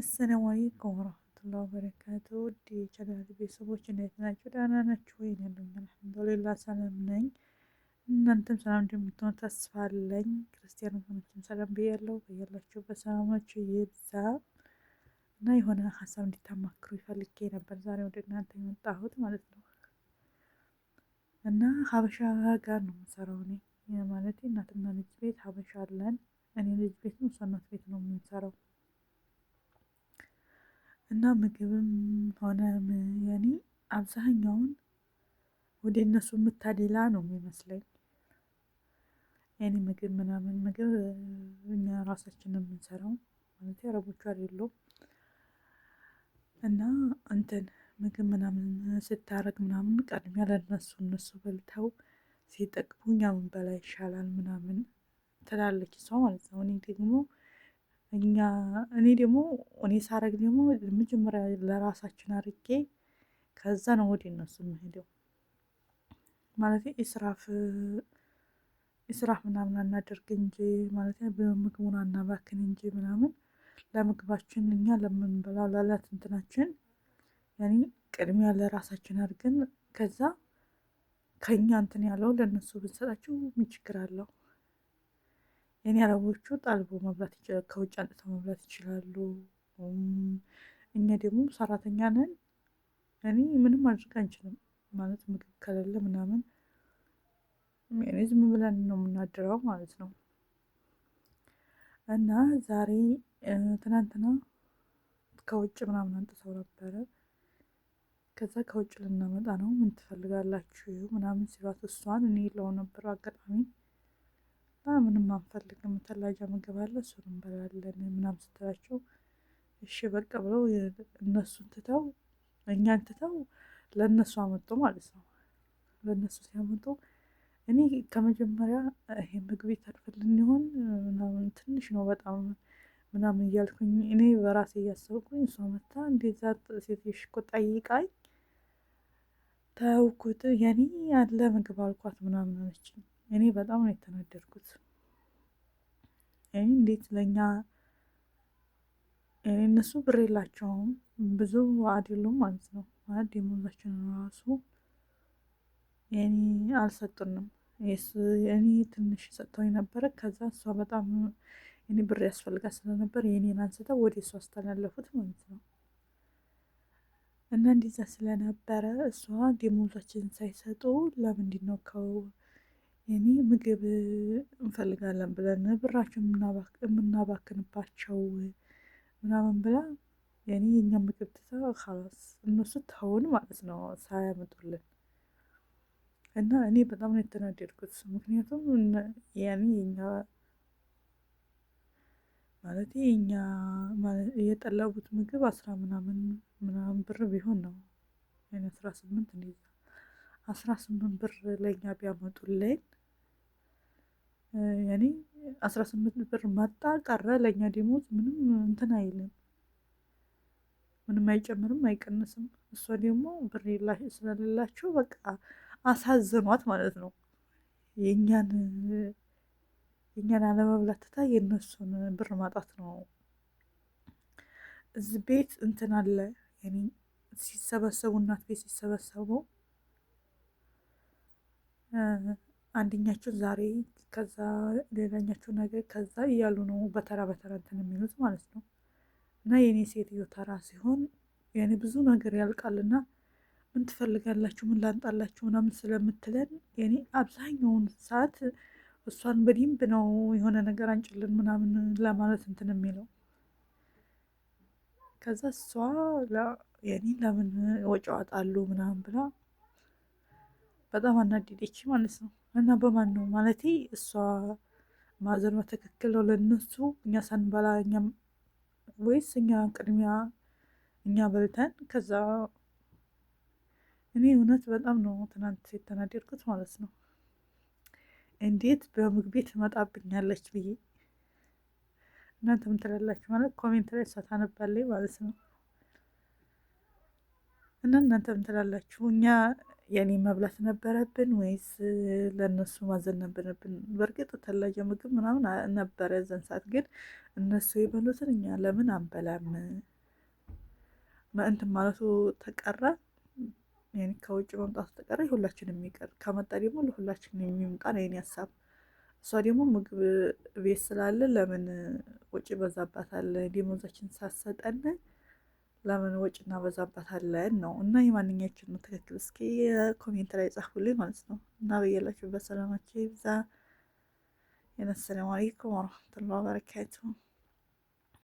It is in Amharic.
አሰላሙ አለይኩም ወራህመቱላሂ ወበረካቱ። ውድ የቻናል ቤተሰቦች እንዴት ናችሁ? ደህና ናችሁ ወይ? ያለኝ አልሐምዱሊላህ ሰላም ነኝ። እናንተም ሰላም እንደምትሆኑ ተስፋ አለኝ። ክርስቲያን ወገኖችም ሰላም ብያለሁ። በያላችሁበት ሰላማችሁ ይብዛ እና የሆነ ሀሳብ እንዲታማክሩ ይፈልጌ ነበር። ዛሬ ወደ እናንተ የመጣሁት ማለት ነው እና ሀበሻ ጋር ነው የምሰራው እኔ ማለት እናትና ልጅ ቤት ሀበሻ አለን። እኔ ልጅ ቤት ነው፣ እሷ እናት ቤት ነው የምንሰራው እና ምግብም ሆነ ያኔ አብዛኛውን ወደ እነሱ የምታደላ ነው የሚመስለኝ። ያኔ ምግብ ምናምን ምግብ እኛ ራሳችን የምንሰራው ማለት አረቦቹ አይደሉም። እና እንትን ምግብ ምናምን ስታረግ ምናምን ቀድሚያ ለእነሱ እነሱ በልተው ሲጠቅሙ እኛ በላ ይሻላል ምናምን ትላለች እሷ ማለት ነው። እኔ ደግሞ እኛ እኔ ደግሞ እኔ ሳረግ ደግሞ መጀመሪያ ለራሳችን አርጌ ከዛ ነው ወደ እነሱ የምሄደው። ማለት ኢስራፍ ኢስራፍ ምናምን አናደርግ እንጂ ማለት ምግቡን አናባክን እንጂ ምናምን ለምግባችን እኛ ለምንበላው ለዕለት እንትናችን ያኔ ቅድሚያ ለራሳችን አድርገን ከዛ ከእኛ እንትን ያለው ለእነሱ ብንሰጣቸው ምን ችግር አለው? የኔ አረቦቹ ጠልቦ መብላት ከውጭ አንጥተው መብላት ይችላሉ። እኛ ደግሞ ሰራተኛ ነን። እኔ ምንም አድርግ አንችልም ማለት ምግብ ከሌለ ምናምን ዝም ብለን ነው የምናድረው ማለት ነው። እና ዛሬ ትናንትና ከውጭ ምናምን አንጥተው ነበረ። ከዛ ከውጭ ልናመጣ ነው ምን ትፈልጋላችሁ ምናምን ሲሏት እሷን እኔ የለሁም ነበር አጋጣሚ ምንም አንፈልግም ተላጃ ምግብ አለ እሱን እንበላለን ምናምን ስትላቸው እሺ በቃ ብለው እነሱን ትተው እኛን ትተው ለእነሱ አመጡ ማለት ነው። ለእነሱ ሲያመጡ እኔ ከመጀመሪያ ይሄ ምግብ ይተርፍልን ይሆን ምናምን ትንሽ ነው በጣም ምናምን እያልኩኝ እኔ በራሴ እያሰብኩኝ እሷ መታ እንደዛ ሴትዮሽ እኮ ጠይቃኝ ተውኩት። የኔ ያለ ምግብ አልኳት ምናምን አለችኝ። እኔ በጣም ነው የተናደድኩት። እንዴት ለእኛ እነሱ ብር የላቸውም ብዙ አይደሉም ማለት ነው። ማለት ደሞዛችን ራሱ አልሰጡንም። እኔ ትንሽ ሰጥተው ነበረ። ከዛ እሷ በጣም እኔ ብር ያስፈልጋ ስለነበር የኔን አንስተው ወደ እሷ አስተላለፉት ማለት ነው። እና እንዲዛ ስለነበረ እሷ ደሞዛችን ሳይሰጡ ለምንድን ነው እኔ ምግብ እንፈልጋለን ብለን ብራችን የምናባክንባቸው ምናምን ብላ የኔ የኛ ምግብ ትታ ካላስ እነሱ ተውን ማለት ነው ሳያመጡልን እና እኔ በጣም ነው የተናደድኩት። ምክንያቱም ያኔ የኛ ማለት የኛ የጠለቡት ምግብ አስራ ምናምን ምናምን ብር ቢሆን ነው አስራ ስምንት እንደዛ አስራ ስምንት ብር ለእኛ ቢያመጡልን ያኔ አስራ ስምንት ብር መጣ ቀረ፣ ለእኛ ደሞዝ ምንም እንትን አይልም፣ ምንም አይጨምርም አይቀንስም። እሷ ደግሞ ብር ስለሌላቸው በቃ አሳዝኗት ማለት ነው። የእኛን የእኛን አለመብላት ትታ የእነሱን ብር ማጣት ነው። እዚህ ቤት እንትን አለ ሲሰበሰቡ እናት ቤት ሲሰበሰቡ አንደኛቸው ዛሬ ከዛ ሌላኛቸው ነገር ከዛ እያሉ ነው በተራ በተራ እንትን የሚሉት ማለት ነው። እና የእኔ ሴትዮ ተራ ሲሆን ያኔ ብዙ ነገር ያልቃልና ምን ትፈልጋላችሁ፣ ምን ላንጣላችሁ ምናምን ስለምትለን የኔ አብዛኛውን ሰዓት እሷን በደንብ ነው የሆነ ነገር አንጭልን ምናምን ለማለት እንትን የሚለው ከዛ እሷ የኔ ለምን ወጪ አወጣሉ ምናምን ብላ በጣም አናደደች ማለት ነው። እና በማን ነው ማለት እሷ ማዘር መተከክል ነው ለነሱ እኛ ሳንበላ ወይስ እኛ ቅድሚያ እኛ በልተን ከዛ እኔ እውነት በጣም ነው ትናንት የተናደድኩት ማለት ነው። እንዴት በምግቤ ትመጣብኛለች ብዬ እናንተ ምን ትላላችሁ? ማለት ኮሜንት ላይ እሷ ታነባለች ማለት ነው። እና እናንተ ምን ትላላችሁ እኛ የኔ መብላት ነበረብን ወይስ ለእነሱ ማዘን ነበረብን? በእርግጥ ተለየ ምግብ ምናምን ነበረ ዘን ሰዓት ግን እነሱ የበሉትን እኛ ለምን አንበላም? እንትን ማለቱ ተቀረ፣ ከውጭ መምጣቱ ተቀረ። ሁላችን የሚቀር ከመጣ ደግሞ ለሁላችን የሚምጣ ነው የኔ ሀሳብ። እሷ ደግሞ ምግብ ቤት ስላለ ለምን ውጭ በዛባታል ደሞዛችን ሳሰጠን ለምን ወጪ እናበዛባታለን ነው። እና የማንኛችን ነው ትክክል? እስኪ ኮሜንት ላይ ጻፉልኝ ማለት ነው። እና በያላችሁበት ሰላማችሁ ይብዛ። የነሰላሙ አለይኩም ወረሕመቱላሂ ወበረካቱሁ